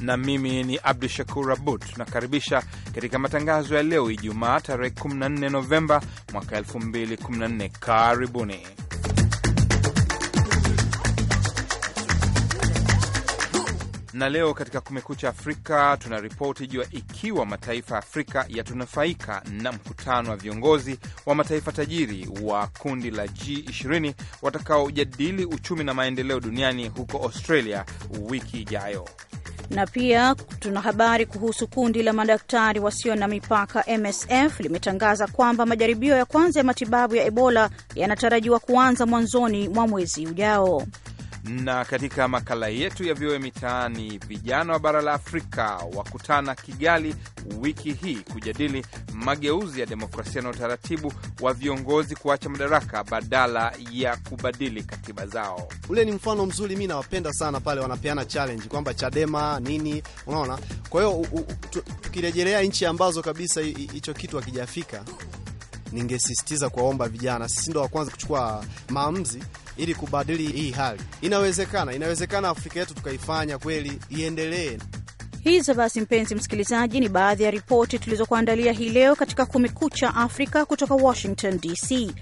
na mimi ni Abdu Shakur Abud. Tunakaribisha katika matangazo ya leo Ijumaa, tarehe 14 Novemba mwaka 2014. Karibuni. na leo katika Kumekucha Afrika tuna ripoti juu ya ikiwa mataifa ya Afrika yatunafaika na mkutano wa viongozi wa mataifa tajiri wa kundi la G20 watakaojadili uchumi na maendeleo duniani huko Australia wiki ijayo na pia tuna habari kuhusu kundi la madaktari wasio na mipaka MSF limetangaza kwamba majaribio ya kwanza ya matibabu ya Ebola yanatarajiwa kuanza mwanzoni mwa mwezi ujao. Na katika makala yetu ya vioe mitaani, vijana wa bara la Afrika wakutana Kigali wiki hii kujadili mageuzi ya demokrasia na utaratibu wa viongozi kuacha madaraka badala ya kubadili katiba zao. Ule ni mfano mzuri, mi nawapenda sana pale wanapeana challenge kwamba Chadema nini, unaona. Kwa hiyo tukirejelea nchi ambazo kabisa hicho kitu hakijafika ningesisitiza kuwaomba vijana, sisi ndo wa kwanza kuchukua maamuzi ili kubadili hii hali. Inawezekana, inawezekana Afrika yetu tukaifanya kweli iendelee. Hizo basi, mpenzi msikilizaji, ni baadhi ya ripoti tulizokuandalia hii leo katika Kumekucha Afrika kutoka Washington DC.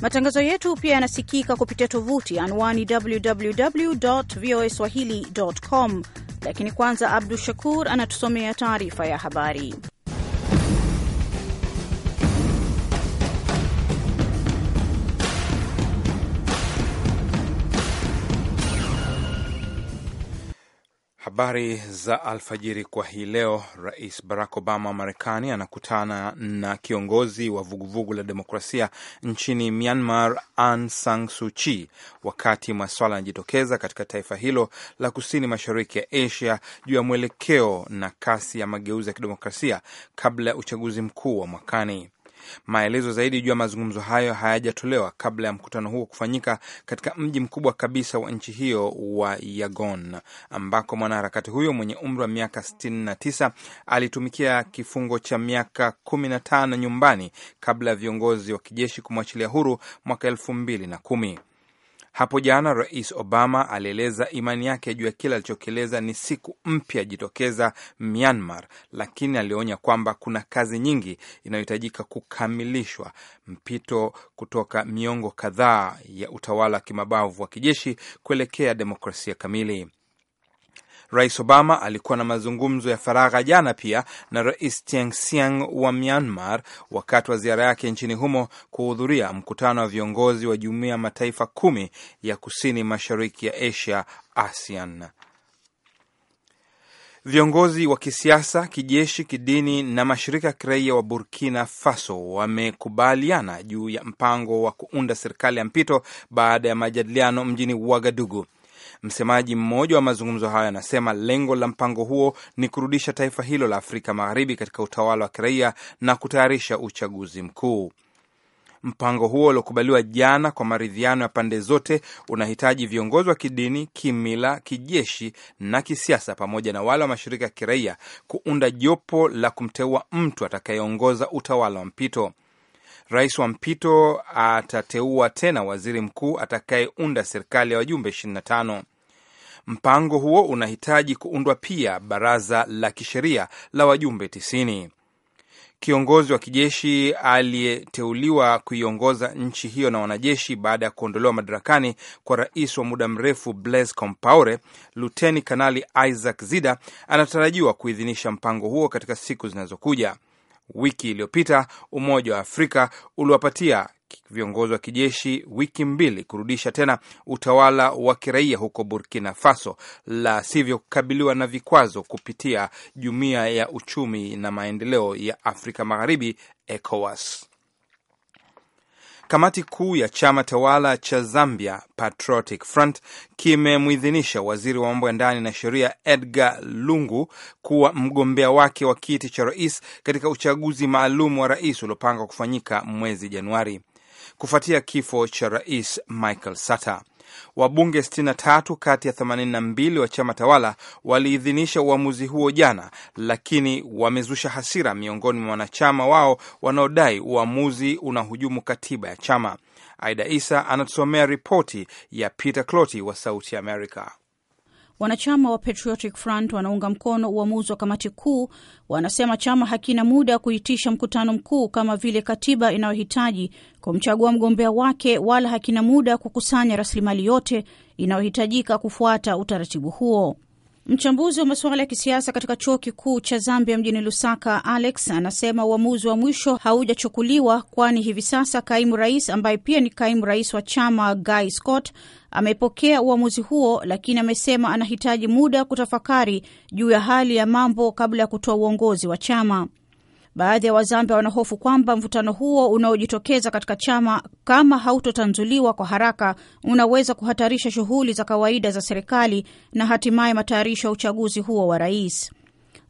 Matangazo yetu pia yanasikika kupitia tovuti anwani www voa swahili com, lakini kwanza Abdu Shakur anatusomea taarifa ya habari. Habari za alfajiri kwa hii leo. Rais Barack Obama wa Marekani anakutana na kiongozi wa vuguvugu la demokrasia nchini Myanmar, Aung San Suu Kyi, wakati maswala yanajitokeza katika taifa hilo la kusini mashariki ya Asia juu ya mwelekeo na kasi ya mageuzi ya kidemokrasia kabla ya uchaguzi mkuu wa mwakani. Maelezo zaidi juu ya mazungumzo hayo hayajatolewa kabla ya mkutano huo kufanyika katika mji mkubwa kabisa wa nchi hiyo wa yagon ambako mwanaharakati huyo mwenye umri wa miaka 69 alitumikia kifungo cha miaka 15 nyumbani kabla ya viongozi wa kijeshi kumwachilia huru mwaka elfu mbili na kumi. Hapo jana Rais Obama alieleza imani yake juu ya kile alichokieleza ni siku mpya jitokeza Myanmar, lakini alionya kwamba kuna kazi nyingi inayohitajika kukamilishwa, mpito kutoka miongo kadhaa ya utawala wa kimabavu wa kijeshi kuelekea demokrasia kamili. Rais Obama alikuwa na mazungumzo ya faragha jana pia na Rais Tiang siang wa Myanmar wakati wa ziara yake nchini humo kuhudhuria mkutano wa viongozi wa jumuiya ya mataifa kumi ya kusini mashariki ya Asia, ASEAN. Viongozi wa kisiasa, kijeshi, kidini na mashirika ya kiraia wa Burkina Faso wamekubaliana juu ya mpango wa kuunda serikali ya mpito baada ya majadiliano mjini Wagadugu. Msemaji mmoja wa mazungumzo hayo anasema lengo la mpango huo ni kurudisha taifa hilo la Afrika Magharibi katika utawala wa kiraia na kutayarisha uchaguzi mkuu. Mpango huo uliokubaliwa jana kwa maridhiano ya pande zote unahitaji viongozi wa kidini, kimila, kijeshi na kisiasa pamoja na wale wa mashirika ya kiraia kuunda jopo la kumteua mtu atakayeongoza utawala wa mpito. Rais wa mpito atateua tena waziri mkuu atakayeunda serikali ya wajumbe 25. Mpango huo unahitaji kuundwa pia baraza la kisheria la wajumbe 90. Kiongozi wa kijeshi aliyeteuliwa kuiongoza nchi hiyo na wanajeshi baada ya kuondolewa madarakani kwa rais wa muda mrefu Blaise Compaore, luteni kanali Isaac Zida anatarajiwa kuidhinisha mpango huo katika siku zinazokuja. Wiki iliyopita Umoja wa Afrika uliwapatia viongozi wa kijeshi wiki mbili kurudisha tena utawala wa kiraia huko Burkina Faso, la sivyo kukabiliwa na vikwazo kupitia Jumuiya ya Uchumi na Maendeleo ya Afrika Magharibi, ECOWAS. Kamati kuu ya chama tawala cha Zambia Patriotic Front kimemwidhinisha waziri wa mambo ya ndani na sheria Edgar Lungu kuwa mgombea wake wa kiti cha rais katika uchaguzi maalum wa rais uliopangwa kufanyika mwezi Januari kufuatia kifo cha rais Michael Sata. Wabunge 63 kati ya 82 wa chama tawala waliidhinisha uamuzi huo jana, lakini wamezusha hasira miongoni mwa wanachama wao wanaodai uamuzi unahujumu katiba ya chama. Aida Isa anatusomea ripoti ya Peter Cloti wa Sauti america Wanachama wa Patriotic Front wanaunga mkono uamuzi wa kamati kuu. Wanasema chama hakina muda wa kuitisha mkutano mkuu kama vile katiba inayohitaji kumchagua mgombea wake, wala hakina muda wa kukusanya rasilimali yote inayohitajika kufuata utaratibu huo. Mchambuzi wa masuala ya kisiasa katika chuo kikuu cha Zambia mjini Lusaka, Alex anasema uamuzi wa mwisho haujachukuliwa, kwani hivi sasa kaimu rais ambaye pia ni kaimu rais wa chama Guy Scott amepokea uamuzi huo, lakini amesema anahitaji muda kutafakari juu ya hali ya mambo kabla ya kutoa uongozi wa chama. Baadhi ya Wazambia wanahofu kwamba mvutano huo unaojitokeza katika chama, kama hautotanzuliwa kwa haraka, unaweza kuhatarisha shughuli za kawaida za serikali na hatimaye matayarisho ya uchaguzi huo wa rais.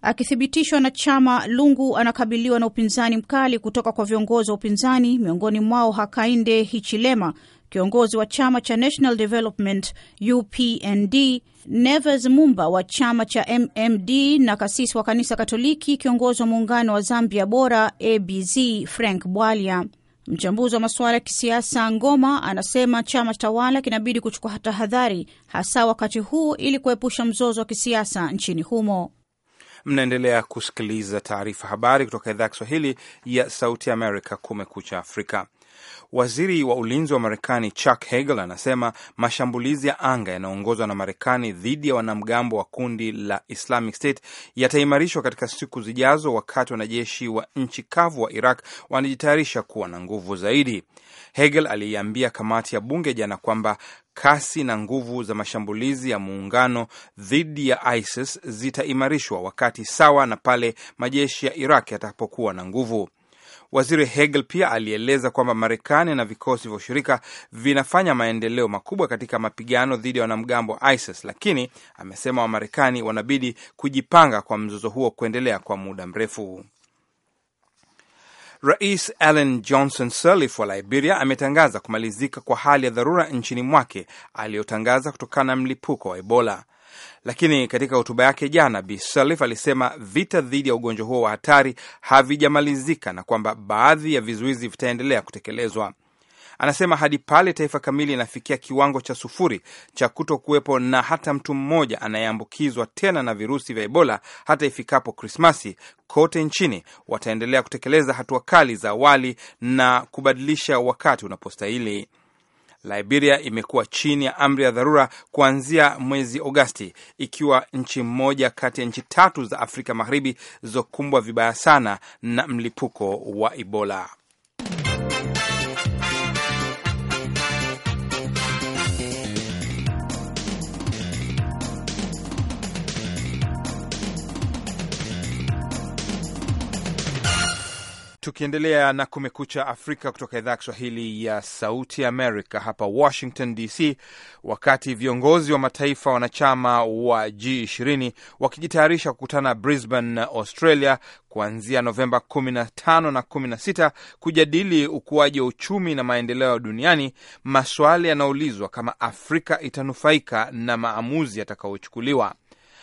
Akithibitishwa na chama, Lungu anakabiliwa na upinzani mkali kutoka kwa viongozi wa upinzani, miongoni mwao Hakainde Hichilema Kiongozi wa chama cha National Development UPND Neves Mumba wa chama cha MMD na kasisi wa kanisa Katoliki, kiongozi wa muungano wa Zambia Bora ABZ Frank Bwalya. Mchambuzi wa masuala ya kisiasa Ngoma anasema chama tawala kinabidi kuchukua tahadhari hasa wakati huu ili kuepusha mzozo wa kisiasa nchini humo. Mnaendelea kusikiliza taarifa habari kutoka idhaa ya Kiswahili ya Sauti Amerika, Kumekucha Afrika. Waziri wa ulinzi wa Marekani Chuck Hagel anasema mashambulizi ya anga yanayoongozwa na Marekani dhidi ya wanamgambo wa kundi la Islamic State yataimarishwa katika siku zijazo, wakati wanajeshi wa nchi kavu wa Iraq wanajitayarisha kuwa na nguvu zaidi. Hegel aliiambia kamati ya bunge jana kwamba kasi na nguvu za mashambulizi ya muungano dhidi ya ISIS zitaimarishwa wakati sawa na pale majeshi ya Iraq yatapokuwa na nguvu. Waziri Hegel pia alieleza kwamba Marekani na vikosi vya ushirika vinafanya maendeleo makubwa katika mapigano dhidi ya wanamgambo ISIS, lakini amesema Wamarekani wanabidi kujipanga kwa mzozo huo kuendelea kwa muda mrefu. Rais Ellen Johnson Sirleaf wa Liberia ametangaza kumalizika kwa hali ya dharura nchini mwake aliyotangaza kutokana na mlipuko wa Ebola. Lakini katika hotuba yake jana, Bi Salif alisema vita dhidi ya ugonjwa huo wa hatari havijamalizika na kwamba baadhi ya vizuizi vitaendelea kutekelezwa. Anasema hadi pale taifa kamili inafikia kiwango cha sufuri cha kuto kuwepo na hata mtu mmoja anayeambukizwa tena na virusi vya Ebola hata ifikapo Krismasi, kote nchini wataendelea kutekeleza hatua kali za awali na kubadilisha wakati unapostahili. Liberia imekuwa chini ya amri ya dharura kuanzia mwezi Agosti, ikiwa nchi moja kati ya nchi tatu za Afrika Magharibi zilizokumbwa vibaya sana na mlipuko wa Ebola. Tukiendelea na Kumekucha Afrika kutoka idhaa ya Kiswahili ya Sauti Amerika hapa Washington DC. Wakati viongozi wa mataifa wanachama wa G20 wakijitayarisha kukutana Brisbane, Australia, kuanzia Novemba 15 na 16 kujadili ukuaji wa uchumi na maendeleo duniani, maswali yanaulizwa kama Afrika itanufaika na maamuzi yatakayochukuliwa.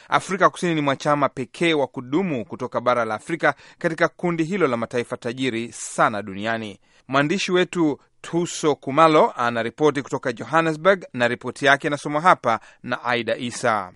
Afrika Kusini ni mwachama pekee wa kudumu kutoka bara la Afrika katika kundi hilo la mataifa tajiri sana duniani. Mwandishi wetu Tuso Kumalo anaripoti kutoka Johannesburg, na ripoti yake inasomwa hapa na Aida Isa.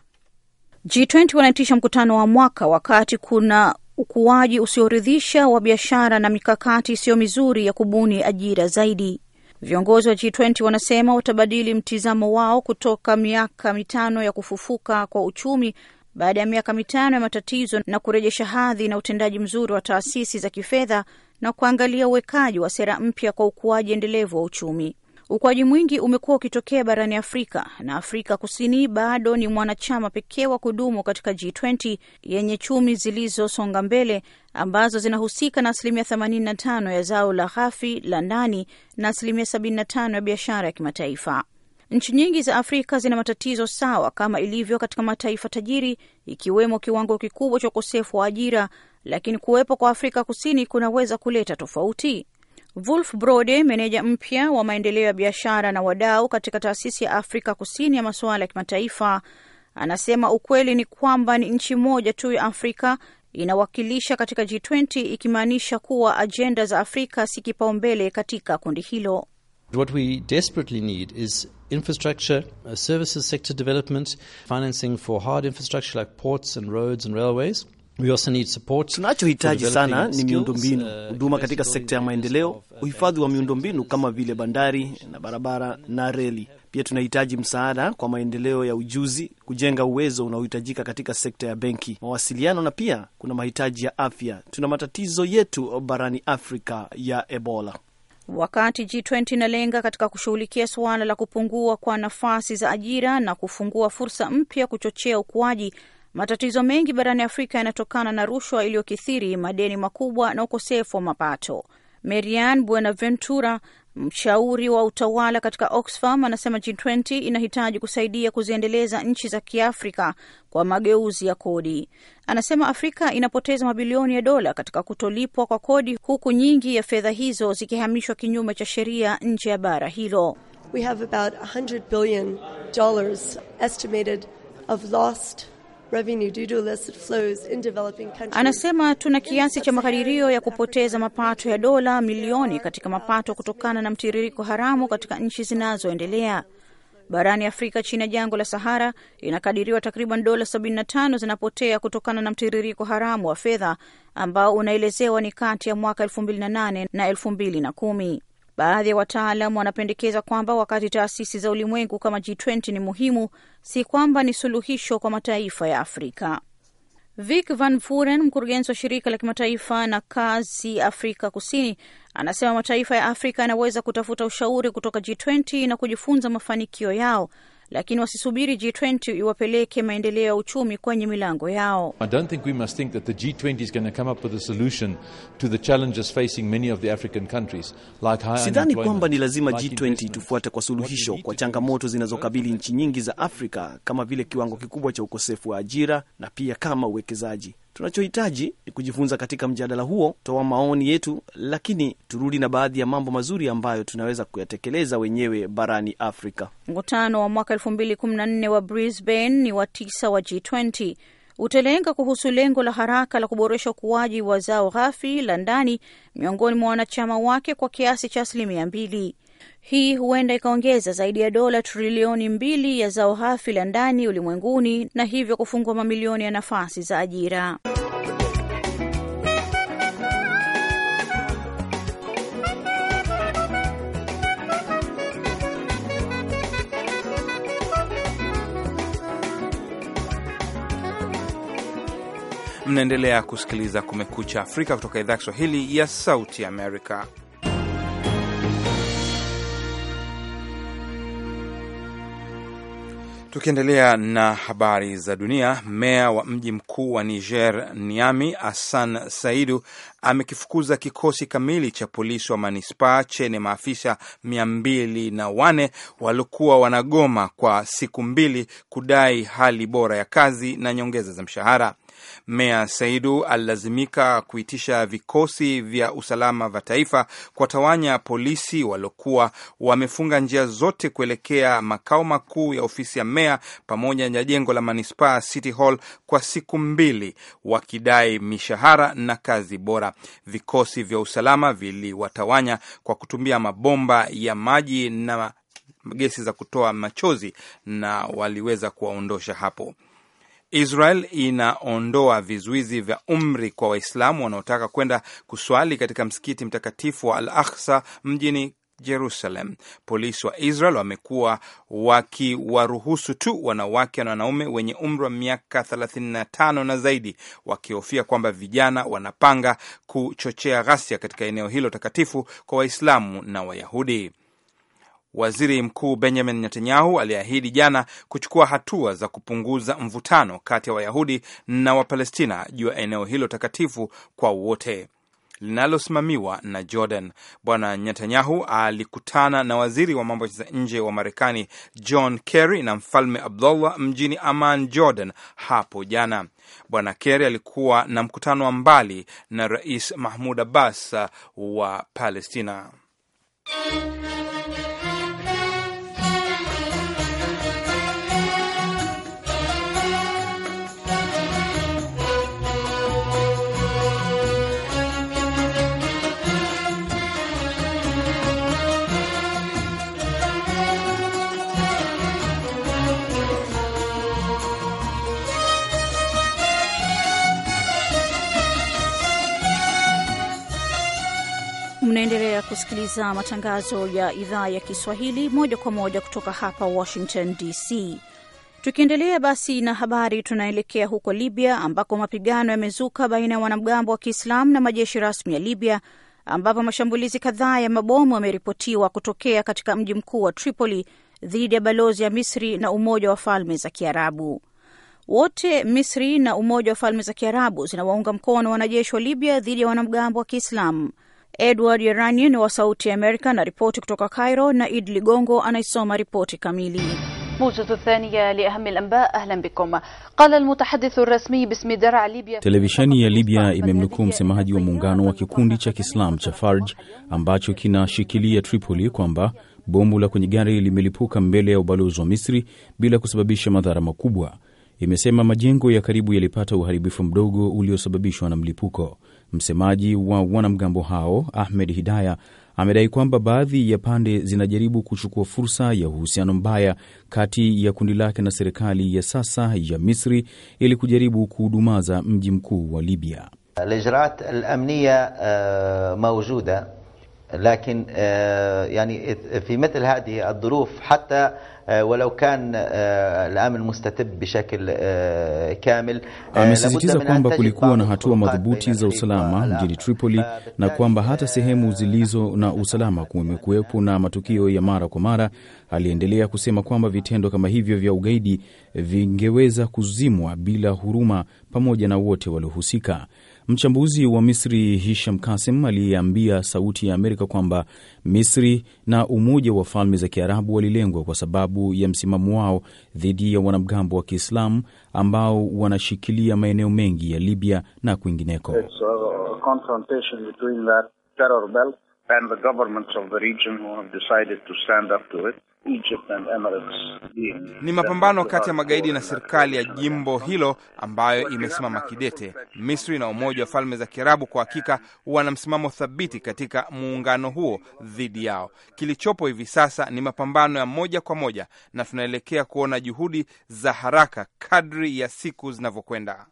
G20 wanaitisha mkutano wa mwaka wakati kuna ukuaji usioridhisha wa biashara na mikakati isiyo mizuri ya kubuni ajira zaidi. Viongozi wa G20 wanasema watabadili mtizamo wao kutoka miaka mitano ya kufufuka kwa uchumi baada ya miaka mitano ya matatizo na kurejesha hadhi na utendaji mzuri wa taasisi za kifedha na kuangalia uwekaji wa sera mpya kwa ukuaji endelevu wa uchumi. Ukuaji mwingi umekuwa ukitokea barani Afrika na Afrika Kusini bado ni mwanachama pekee wa kudumu katika G20 yenye chumi zilizosonga mbele ambazo zinahusika na asilimia 85 ya zao la ghafi la ndani na asilimia 75 ya biashara ya kimataifa. Nchi nyingi za Afrika zina matatizo sawa kama ilivyo katika mataifa tajiri, ikiwemo kiwango kikubwa cha ukosefu wa ajira, lakini kuwepo kwa Afrika Kusini kunaweza kuleta tofauti. Wolf Brode, meneja mpya wa maendeleo ya biashara na wadau katika taasisi ya Afrika Kusini ya masuala ya kimataifa, anasema ukweli ni kwamba ni nchi moja tu ya Afrika inawakilisha katika G20, ikimaanisha kuwa ajenda za Afrika si kipaumbele katika kundi hilo. What we desperately need is infrastructure, uh, services sector development, financing for hard infrastructure like ports and roads and railways. Tunachohitaji sana ni miundombinu, uh, huduma katika sekta ya maendeleo, uh, uhifadhi wa miundombinu kama vile bandari na barabara na reli. Pia tunahitaji msaada kwa maendeleo ya ujuzi, kujenga uwezo unaohitajika katika sekta ya benki, mawasiliano, na pia kuna mahitaji ya afya. Tuna matatizo yetu barani Afrika ya Ebola. Wakati G20 inalenga katika kushughulikia suala la kupungua kwa nafasi za ajira na kufungua fursa mpya kuchochea ukuaji, matatizo mengi barani Afrika yanatokana na rushwa iliyokithiri, madeni makubwa na ukosefu wa mapato. Marian Buenaventura Mshauri wa utawala katika Oxfam anasema G20 inahitaji kusaidia kuziendeleza nchi za Kiafrika kwa mageuzi ya kodi. Anasema Afrika inapoteza mabilioni ya dola katika kutolipwa kwa kodi, huku nyingi ya fedha hizo zikihamishwa kinyume cha sheria nje ya bara hilo. We have about $100 billion estimated of lost Anasema tuna kiasi cha makadirio ya kupoteza mapato ya dola milioni katika mapato kutokana na mtiririko haramu katika nchi zinazoendelea. Barani Afrika chini ya jangwa la Sahara inakadiriwa takriban dola 75 zinapotea kutokana na mtiririko haramu wa fedha ambao unaelezewa ni kati ya mwaka 2008 na 2010. Baadhi ya wataalam wanapendekeza kwamba wakati taasisi za ulimwengu kama G20 ni muhimu, si kwamba ni suluhisho kwa mataifa ya Afrika. Vic Van furen mkurugenzi wa shirika la kimataifa na kazi Afrika Kusini, anasema mataifa ya Afrika yanaweza kutafuta ushauri kutoka G20 na kujifunza mafanikio yao lakini wasisubiri G20 iwapeleke maendeleo ya uchumi kwenye milango yao. Like sidhani kwamba ni lazima G20 tufuate kwa suluhisho kwa changamoto zinazokabili nchi nyingi za Afrika kama vile kiwango kikubwa cha ukosefu wa ajira na pia kama uwekezaji Tunachohitaji ni kujifunza katika mjadala huo, toa maoni yetu, lakini turudi na baadhi ya mambo mazuri ambayo tunaweza kuyatekeleza wenyewe barani Afrika. Mkutano wa mwaka 2014 wa Brisbane ni wa tisa wa G20 utalenga kuhusu lengo la haraka la kuboresha ukuaji wa zao ghafi la ndani miongoni mwa wanachama wake kwa kiasi cha asilimia mbili. Hii huenda ikaongeza zaidi ya dola trilioni mbili ya zao hafi la ndani ulimwenguni na hivyo kufungua mamilioni ya nafasi za ajira. Mnaendelea kusikiliza Kumekucha Afrika kutoka idhaa ya Kiswahili ya Sauti Amerika. Tukiendelea na habari za dunia, meya wa mji mkuu wa Niger, Niami, Hassan Saidu amekifukuza kikosi kamili cha polisi wa manispaa chenye maafisa mia mbili na wane waliokuwa wanagoma kwa siku mbili kudai hali bora ya kazi na nyongeza za mshahara. Meya Saidu alilazimika kuitisha vikosi vya usalama vya taifa kuwatawanya polisi waliokuwa wamefunga njia zote kuelekea makao makuu ya ofisi ya meya pamoja na jengo la manispaa City Hall kwa siku mbili, wakidai mishahara na kazi bora. Vikosi vya usalama viliwatawanya kwa kutumia mabomba ya maji na gesi za kutoa machozi na waliweza kuwaondosha hapo. Israel inaondoa vizuizi vya umri kwa Waislamu wanaotaka kwenda kuswali katika msikiti mtakatifu wa Al Aksa mjini Jerusalem. Polisi wa Israel wamekuwa wakiwaruhusu tu wanawake na wanaume wenye umri wa miaka 35 na zaidi, wakihofia kwamba vijana wanapanga kuchochea ghasia katika eneo hilo takatifu kwa Waislamu na Wayahudi. Waziri Mkuu Benjamin Netanyahu aliahidi jana kuchukua hatua za kupunguza mvutano kati ya Wayahudi na Wapalestina juu ya eneo hilo takatifu kwa wote linalosimamiwa na Jordan. Bwana Netanyahu alikutana na waziri wa mambo ya nje wa Marekani John Kerry na mfalme Abdullah mjini Amman, Jordan hapo jana. Bwana Kerry alikuwa na mkutano wa mbali na Rais Mahmud Abbas uh, wa Palestina. kusikiliza matangazo ya idhaa ya Kiswahili moja kwa moja kutoka hapa Washington DC. Tukiendelea basi na habari, tunaelekea huko Libya ambako mapigano yamezuka baina ya wanamgambo wa Kiislamu na majeshi rasmi ya Libya, ambapo mashambulizi kadhaa ya mabomu yameripotiwa kutokea katika mji mkuu wa Tripoli dhidi ya balozi ya Misri na Umoja wa Falme za Kiarabu. Wote Misri na Umoja wa Falme za Kiarabu zinawaunga mkono wanajeshi wa Libya dhidi ya wanamgambo wa Kiislamu. Edward ni wa Sauti ya Amerika na ripoti kutoka Cairo, na Id Ligongo anaisoma ripoti kamili. Televisheni ya Libya imemnukuu msemaji wa muungano wa kikundi cha Kiislamu cha Farj ambacho kinashikilia Tripoli kwamba bomu la kwenye gari limelipuka mbele ya ubalozi wa Misri bila kusababisha madhara makubwa. Imesema majengo ya karibu yalipata uharibifu mdogo uliosababishwa na mlipuko. Msemaji wa wanamgambo hao Ahmed Hidaya amedai kwamba baadhi ya pande zinajaribu kuchukua fursa ya uhusiano mbaya kati ya kundi lake na serikali ya sasa ya Misri ili kujaribu kuudumaza mji mkuu wa Libya. Al-ijraat al uh, mawjuda لكن يعني في مثل هذه الظروف حتى Amesisitiza kwamba kulikuwa na hatua madhubuti za usalama mjini Tripoli na kwamba hata sehemu zilizo na usalama kumekuwepo na matukio ya mara kwa mara. Aliendelea kusema kwamba vitendo kama hivyo vya ugaidi vingeweza kuzimwa bila huruma pamoja na wote waliohusika. Mchambuzi wa Misri Hisham kasim aliyeambia Sauti ya Amerika kwamba Misri na Umoja wa Falme za Kiarabu walilengwa kwa sababu ya msimamo wao dhidi ya wanamgambo wa Kiislamu ambao wanashikilia maeneo mengi ya Libya na kwingineko. Uh, and the governments of the region who have decided to stand up to it. Egypt and Emirates Ni mapambano kati ya magaidi na serikali ya jimbo hilo ambayo imesimama kidete. Misri na Umoja wa Falme za Kiarabu kwa hakika wana msimamo thabiti katika muungano huo dhidi yao. Kilichopo hivi sasa ni mapambano ya moja kwa moja na tunaelekea kuona juhudi za haraka kadri ya siku zinavyokwenda.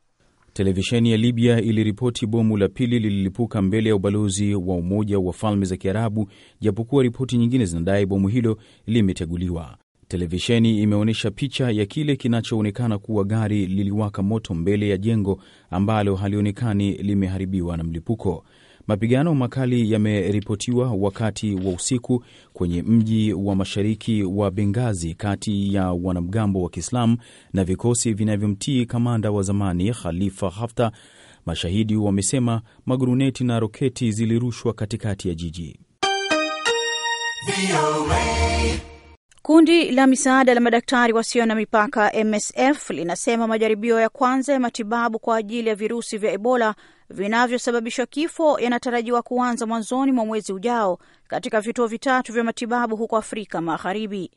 Televisheni ya Libya iliripoti bomu la pili lililipuka mbele ya ubalozi wa Umoja wa Falme za Kiarabu, japokuwa ripoti nyingine zinadai bomu hilo limeteguliwa. Televisheni imeonyesha picha ya kile kinachoonekana kuwa gari liliwaka moto mbele ya jengo ambalo halionekani limeharibiwa na mlipuko. Mapigano makali yameripotiwa wakati wa usiku kwenye mji wa mashariki wa Bengazi kati ya wanamgambo wa Kiislamu na vikosi vinavyomtii kamanda wa zamani Khalifa Haftar. Mashahidi wamesema maguruneti na roketi zilirushwa katikati ya jiji. Kundi la misaada la madaktari wasio na mipaka MSF linasema majaribio ya kwanza ya matibabu kwa ajili ya virusi vya Ebola vinavyosababisha kifo yanatarajiwa kuanza mwanzoni mwa mwezi ujao katika vituo vitatu vya matibabu huko Afrika Magharibi.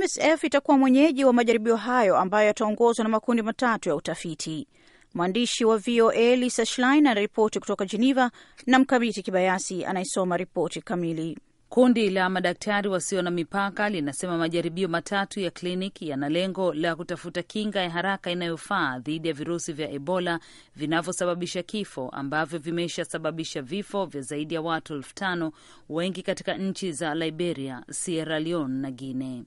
MSF itakuwa mwenyeji wa majaribio hayo ambayo yataongozwa na makundi matatu ya utafiti. Mwandishi wa VOA Lisa Schlein anaripoti kutoka Geneva na Mkabiti Kibayasi anaisoma ripoti kamili. Kundi la madaktari wasio na mipaka linasema majaribio matatu ya kliniki yana lengo la kutafuta kinga ya haraka inayofaa dhidi ya virusi vya Ebola vinavyosababisha kifo ambavyo vimeshasababisha vifo vya zaidi ya watu elfu tano wengi katika nchi za Liberia, Sierra Leone na Guinea.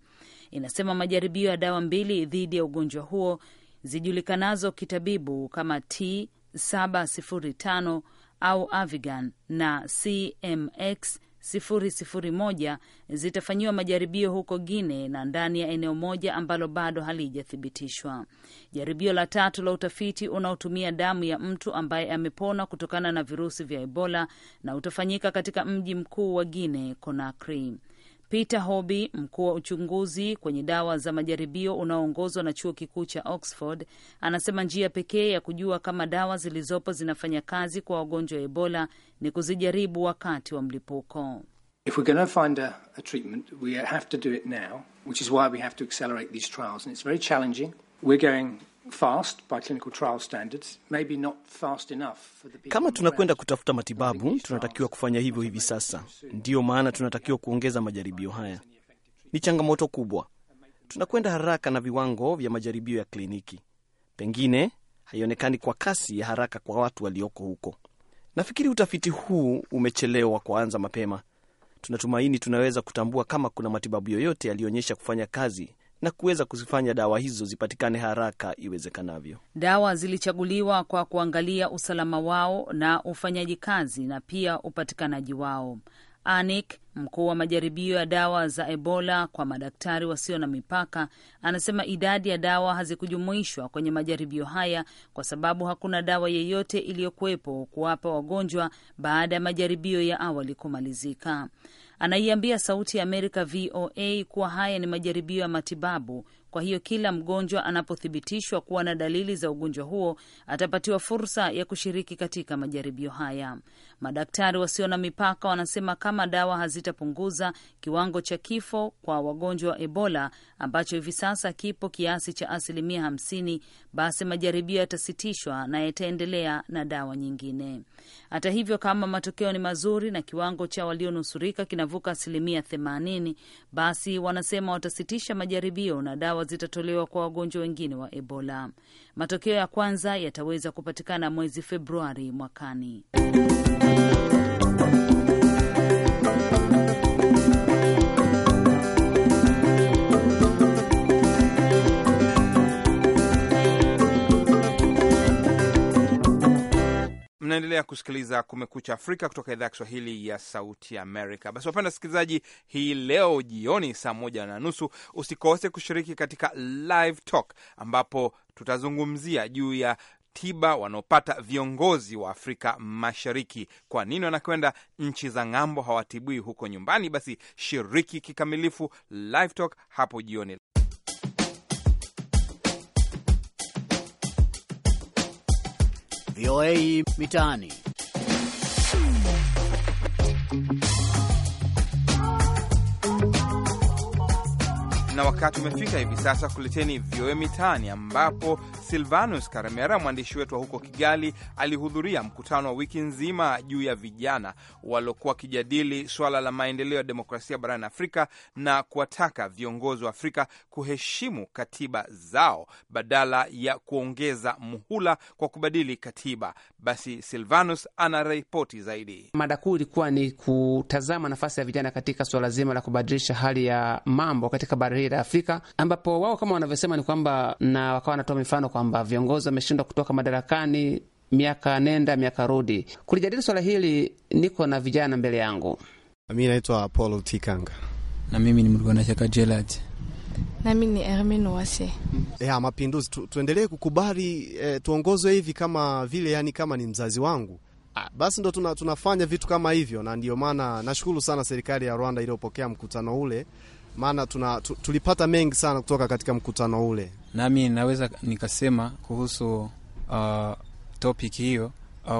Inasema majaribio ya dawa mbili dhidi ya ugonjwa huo zijulikanazo kitabibu kama T705 au Avigan na CMX 001 zitafanyiwa majaribio huko Guine na ndani ya eneo moja ambalo bado halijathibitishwa. Jaribio la tatu la utafiti unaotumia damu ya mtu ambaye amepona kutokana na virusi vya Ebola na utafanyika katika mji mkuu wa Guine, Conakry. Peter hoby mkuu wa uchunguzi kwenye dawa za majaribio unaoongozwa na chuo kikuu cha Oxford, anasema njia pekee ya kujua kama dawa zilizopo zinafanya kazi kwa wagonjwa wa Ebola ni kuzijaribu wakati wa mlipuko. Kama tunakwenda kutafuta matibabu, tunatakiwa kufanya hivyo hivi sasa. Ndiyo maana tunatakiwa kuongeza majaribio haya. Ni changamoto kubwa, tunakwenda haraka na viwango vya majaribio ya kliniki, pengine haionekani kwa kasi ya haraka kwa watu walioko huko. Nafikiri utafiti huu umechelewa kuanza mapema. Tunatumaini tunaweza kutambua kama kuna matibabu yoyote yaliyoonyesha kufanya kazi na kuweza kuzifanya dawa hizo zipatikane haraka iwezekanavyo. Dawa zilichaguliwa kwa kuangalia usalama wao na ufanyaji kazi na pia upatikanaji wao. Anik, mkuu wa majaribio ya dawa za Ebola kwa madaktari wasio na mipaka, anasema idadi ya dawa hazikujumuishwa kwenye majaribio haya kwa sababu hakuna dawa yeyote iliyokuwepo kuwapa wagonjwa baada ya majaribio ya awali kumalizika. Anaiambia Sauti ya Amerika VOA kuwa haya ni majaribio ya matibabu. Kwa hiyo kila mgonjwa anapothibitishwa kuwa na dalili za ugonjwa huo atapatiwa fursa ya kushiriki katika majaribio haya. Madaktari wasio na mipaka wanasema kama dawa hazitapunguza kiwango cha kifo kwa wagonjwa wa Ebola ambacho hivi sasa kipo kiasi cha asilimia hamsini, basi majaribio yatasitishwa na yataendelea na dawa nyingine. Hata hivyo, kama matokeo ni mazuri na kiwango cha walionusurika kinavuka asilimia themanini, basi wanasema watasitisha majaribio na dawa zitatolewa kwa wagonjwa wengine wa Ebola. Matokeo ya kwanza yataweza kupatikana mwezi Februari mwakani. Mnaendelea kusikiliza Kumekucha Afrika kutoka idhaa ya Kiswahili ya Sauti Amerika. Basi wapenda wasikilizaji, hii leo jioni saa moja na nusu usikose kushiriki katika Live Talk ambapo tutazungumzia juu ya tiba wanaopata viongozi wa Afrika Mashariki. Kwa nini wanakwenda nchi za ng'ambo, hawatibui huko nyumbani? Basi shiriki kikamilifu Live Talk hapo jioni. VOA Mitaani. na wakati umefika hivi sasa kuleteni VOA Mitaani, ambapo Silvanus Karemera, mwandishi wetu wa huko Kigali, alihudhuria mkutano wa wiki nzima juu ya vijana waliokuwa wakijadili suala la maendeleo ya demokrasia barani Afrika na kuwataka viongozi wa Afrika kuheshimu katiba zao badala ya kuongeza muhula kwa kubadili katiba. Basi Silvanus ana ripoti zaidi. Mada kuu ilikuwa ni kutazama nafasi ya vijana katika suala zima la kubadilisha hali ya mambo katika bara la Afrika, ambapo wao kama wanavyosema ni kwamba, na wakawa wanatoa mifano kwamba viongozi wameshindwa kutoka madarakani miaka nenda miaka rudi. Kulijadili swala hili, niko na vijana mbele yangu. Mi naitwa Apollo Tikanga. Na mimi ni Mrugana Shaka Jelad. Nami ni Hermin Wase. Eh, ya mapinduzi tu, tuendelee kukubali eh, tuongozwe hivi kama vile yani kama ni mzazi wangu. Ah, basi ndo tuna, tunafanya vitu kama hivyo na ndio maana nashukuru sana serikali ya Rwanda iliyopokea mkutano ule maana tuna tulipata mengi sana kutoka katika mkutano ule. Nami naweza nikasema kuhusu uh, topic hiyo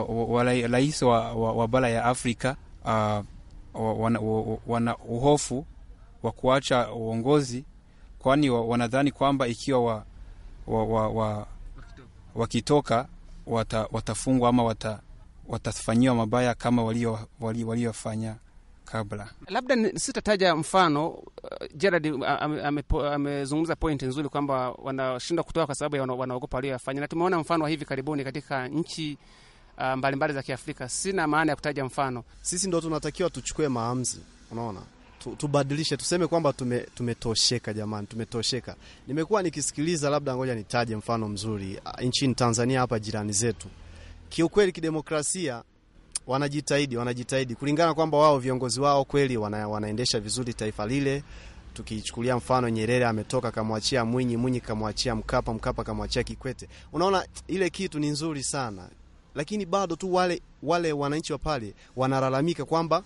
uh, rais wa, wa, wa bara ya Afrika uh, wana, wana uhofu wa kuacha uongozi, kwani wanadhani kwamba ikiwa wa, wa, wa, wa, wakitoka wata, watafungwa ama wata, watafanyiwa mabaya kama waliofanya wali kabla. Labda sitataja mfano. Uh, Gerard uh, amezungumza pointi nzuri kwamba wanashindwa kutoa kwa sababu wana, wanaogopa waliyoyafanya, na tumeona mfano wa hivi karibuni katika nchi uh, mbali za Kiafrika. Sina maana ya kutaja mfano. Sisi ndo tunatakiwa tuchukue maamuzi, unaona tubadilishe tuseme kwamba tume, tumetosheka jamani, tumetosheka. Nimekuwa nikisikiliza, labda ngoja nitaje mfano mzuri uh, nchini Tanzania, hapa jirani zetu. Kiukweli kidemokrasia, wanajitahidi, wanajitahidi kulingana kwamba wao viongozi wao kweli wana, wanaendesha vizuri taifa lile. Tukichukulia mfano Nyerere ametoka kamwachia Mwinyi, Mwinyi kamwachia Mkapa, Mkapa kamwachia Kikwete. Unaona ile kitu ni nzuri sana, lakini bado tu wale, wale wananchi wa pale wanalalamika kwamba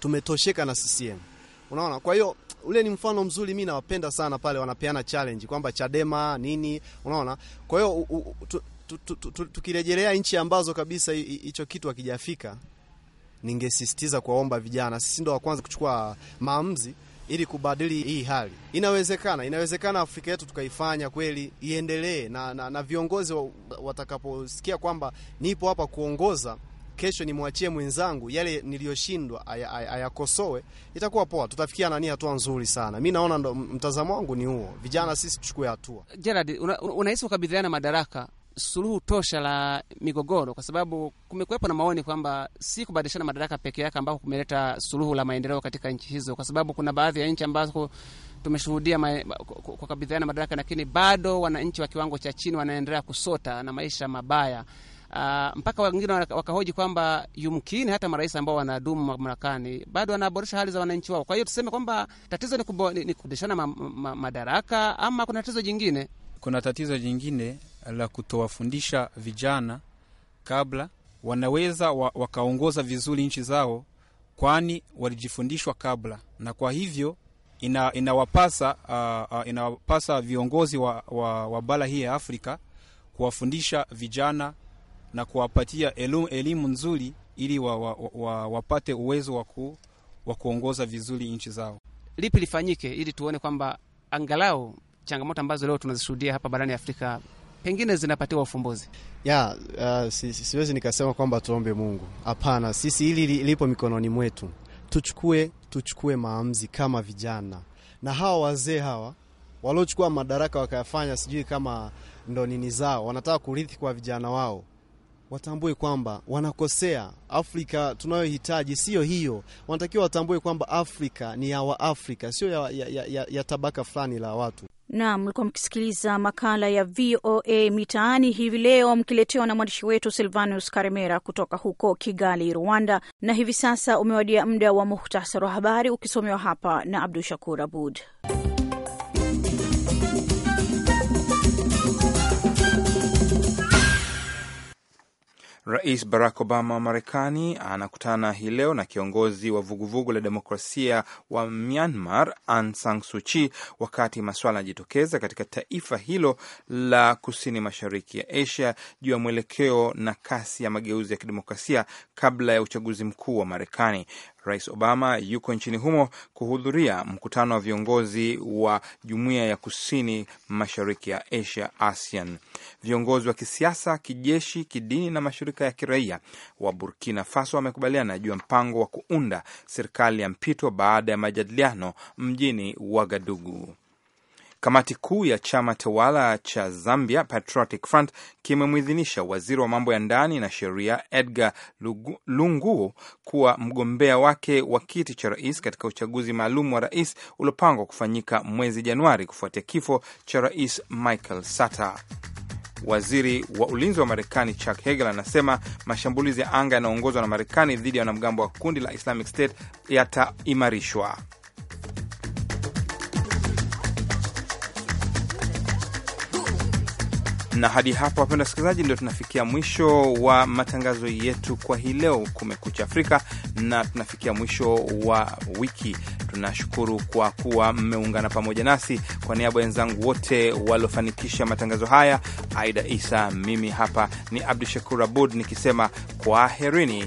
tumetosheka na CCM. Unaona, kwa hiyo ule ni mfano mzuri, mi nawapenda sana pale, wanapeana challenge kwamba Chadema nini, unaona. Kwa hiyo tukirejelea nchi ambazo kabisa hicho kitu hakijafika, ningesisitiza kuwaomba vijana, sisi ndo wa kwanza kuchukua maamuzi ili kubadili hii hali. Inawezekana, inawezekana Afrika yetu tukaifanya kweli iendelee, na, na, na viongozi watakaposikia kwamba nipo hapa kuongoza kesho nimwachie mwenzangu yale niliyoshindwa ayakosowe, aya, aya, itakuwa poa, tutafikia nani hatua nzuri sana. Mi naona ndo mtazamo wangu ni huo, vijana sisi tuchukue hatua. Gerard, unahisi una ukabidhiana madaraka suluhu tosha la migogoro, kwa sababu kumekuwepo na maoni kwamba si kubadilishana madaraka peke yake ambapo kumeleta suluhu la maendeleo katika nchi hizo, kwa sababu kuna baadhi ya nchi ambazo tumeshuhudia kukabidhiana madaraka, lakini bado wananchi wa kiwango cha chini wanaendelea kusota na maisha mabaya. Uh, mpaka wengine wakahoji kwamba yumkini hata marais ambao wanadumu mamlakani bado wanaboresha hali za wananchi wao. Kwa hiyo tuseme kwamba tatizo ni kubadilishana ma, ma, madaraka ama kuna tatizo jingine? Kuna tatizo jingine la kutowafundisha vijana kabla wanaweza wa, wakaongoza vizuri nchi zao, kwani walijifundishwa kabla, na kwa hivyo ina, inawapasa, uh, uh, inawapasa viongozi wa, wa, wa bara hii ya Afrika kuwafundisha vijana na kuwapatia elimu, elimu nzuri ili wa, wa, wa, wapate uwezo wa wa kuongoza vizuri nchi zao. Lipi lifanyike ili tuone kwamba angalau changamoto ambazo leo tunazishuhudia hapa barani Afrika pengine zinapatiwa ufumbuzi ya uh, si, si, siwezi nikasema kwamba tuombe Mungu. Hapana, sisi hili lipo mikononi mwetu, tuchukue tuchukue maamuzi kama vijana, na hawa wazee hawa waliochukua madaraka wakayafanya sijui kama ndo nini zao, wanataka kurithi kwa vijana wao watambue kwamba wanakosea. Afrika tunayohitaji siyo hiyo. Wanatakiwa watambue kwamba Afrika ni ya Waafrika, sio ya, ya, ya, ya tabaka fulani la watu. Naam, mlikuwa mkisikiliza makala ya VOA Mitaani hivi leo, mkiletewa na mwandishi wetu Silvanus Karemera kutoka huko Kigali, Rwanda. Na hivi sasa umewadia muda wa muhtasari wa habari ukisomewa hapa na Abdu Shakur Abud. Rais Barack Obama wa Marekani anakutana hii leo na kiongozi wa vuguvugu la demokrasia wa Myanmar Aung San Suu Kyi, wakati maswala yanajitokeza katika taifa hilo la kusini mashariki ya Asia juu ya mwelekeo na kasi ya mageuzi ya kidemokrasia kabla ya uchaguzi mkuu wa Marekani. Rais Obama yuko nchini humo kuhudhuria mkutano wa viongozi wa jumuiya ya kusini mashariki ya Asia, ASEAN. Viongozi wa kisiasa, kijeshi, kidini na mashirika ya kiraia wa Burkina Faso wamekubaliana juu ya mpango wa kuunda serikali ya mpito baada ya majadiliano mjini Wagadugu. Kamati kuu ya chama tawala cha Zambia Patriotic Front kimemwidhinisha waziri wa mambo ya ndani na sheria Edgar lungu kuwa mgombea wake wa kiti cha rais katika uchaguzi maalum wa rais uliopangwa kufanyika mwezi Januari kufuatia kifo cha rais Michael Sata. Waziri wa ulinzi wa Marekani Chuck Hagel anasema mashambulizi ya anga yanayoongozwa na Marekani dhidi ya wanamgambo wa kundi la Islamic State yataimarishwa. na hadi hapo, wapenda wasikilizaji, ndio tunafikia mwisho wa matangazo yetu kwa hii leo, Kumekucha Afrika, na tunafikia mwisho wa wiki. Tunashukuru kwa kuwa mmeungana pamoja nasi. Kwa niaba ya wenzangu wote waliofanikisha matangazo haya, Aida Isa, mimi hapa ni Abdu Shakur Abud nikisema kwaherini.